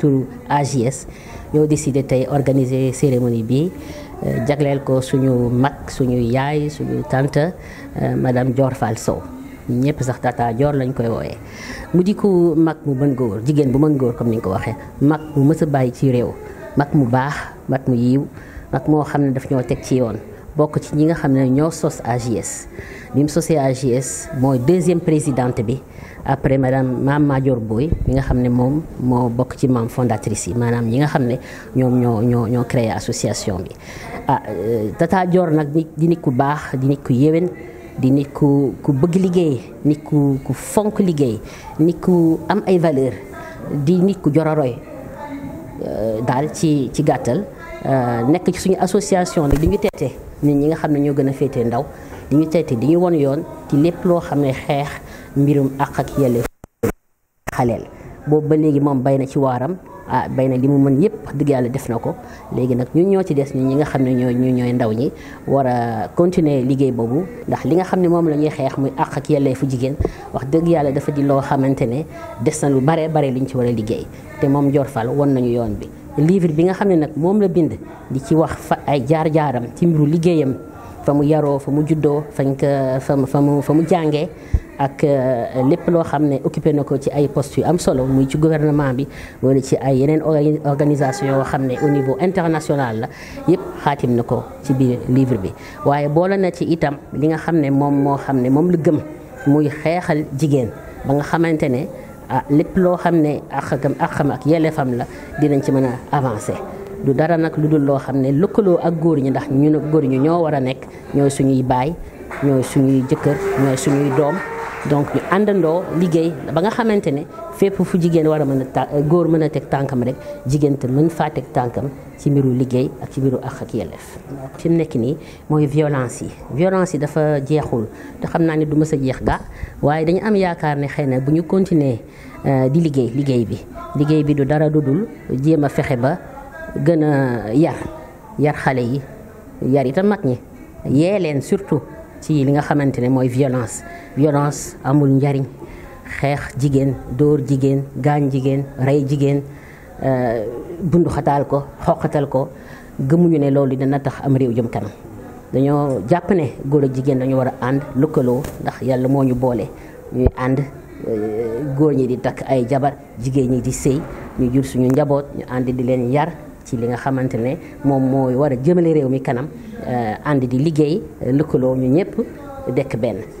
turu AJS ñoo décidé tey organiser cérémonie bi euh, jagleel ko suñu mag suñu yaay suñu tante euh, madame Dior Fall Sow ñëpp sax tata Dior lañ koy wooyee mu di ko mag mu mën góor jigéen bu mën góor comme ni nga ko waxee mag mu mës a bàyyi ci réew mag mu baax mag mu yiw mag moo xam ne daf ñoo teg ci yoon bokk ci ñi nga xam ne ñoo sos ags bi mu ags AJS mooy deuxième présidente bi après madame maam Madior Boye mi nga xam ne moom moo bokk ci membre fondatrice yi maanaam ñi nga xam ne ñoom ñoo ñoo ñoo créé association bi. ah euh, Tata Dior nag di nit ku baax di nit ku yéwén di nit ku ku bëgg liggéey nit ku ku fonk liggéey nit ku am ay valeur di nit ku jororoy euh, daal ci ci gàttal. Euh, nekk ci suñu association nag di ñu teete nit ñi nga xam ne ñoo gën a féetee ndaw di ñu teete di ñu won yoon ci lépp loo xam ne xeex mbirum àq ak yelleef xaleel boobu ba léegi moom bay na ci waaram ah bay na li mu mën yëpp dëgg yàlla def na ko léegi nag ñun ñoo ci des ñun ñi nga xam ne ñoo ñu ñooy ndaw ñi war a continuer liggéey boobu ndax li nga xam ne moom la ñuy xeex muy àq ak yelleefu jigéen wax dëgg yàlla dafa di loo xamante ne des na lu baree bare liñ ci war a liggéey te moom jor Fall won nañu yoon bi livre bi nga xam ne nag moom la bind li ci wax fa ay jaar-jaaram ci mbiru liggéeyam fa mu yaroo fa mu juddoo fañ ko fa mu fa mu jàngee ak euh, lépp loo xam ne occupé na ko ci ay post yu am solo muy ci gouvernement bi wala ci ay yeneen organisation yoo xam ne au niveau international la yëpp xaatim na ko ci biir livre bi waaye boole na ci itam li nga xam ne moom moo xam ne moom la gëm muy xeexal jigéen ba nga xamante ne ah lépp loo xam ne àqam xam ak yelefam la dinañ ci mën a avancer du dara nag lu dul loo xam ne lëkkaloo ak góor ñi ndax ñun góor ñi ñoo war a nekk ñooy suñuy baay ñooy suñuy jëkkër ñooy suñuy doom donc ñu àndandoo liggéey ba nga xamante ne fépp fu jigéen war a mën a ta góor mën a teg tànkam rek jigéen te mën faa teg tànkam ci mbiru liggéey ak ci mbiru àq ak yelleef. fi mu nekk nii mooy violence yi violence yi dafa jeexul te xam naa ne du mës a jeex ga waaye dañu am yaakaar ne xëy na bu ñu continuer euh, di liggéey liggéey bi liggéey bi du dara dudul jéem a fexe ba gën a yar yar xale yi yar itam mag ñi yee leen surtout. ci li nga xamante ne mooy violence violence amul njariñ xeex jigéen dóor jigéen gaañ jigéen rey jigéen euh, bunduxataal ko xoqatal ko gëmuñu ne loolu dina tax am réew jëm kanam dañoo jàpp ne góor ak jigéen dañu war a ànd lëkkaloo ndax yàlla moo ñu boole ñuy ànd euh, góor ñi di takk ay jabar jigéen ñi di sëy ñu jur suñu njaboot ñu ànd di leen yar ci li nga xamante ne moom mooy war a jëmale réew mi kanam ànd di liggéey lëkkaloo ñu ñëpp dekk benn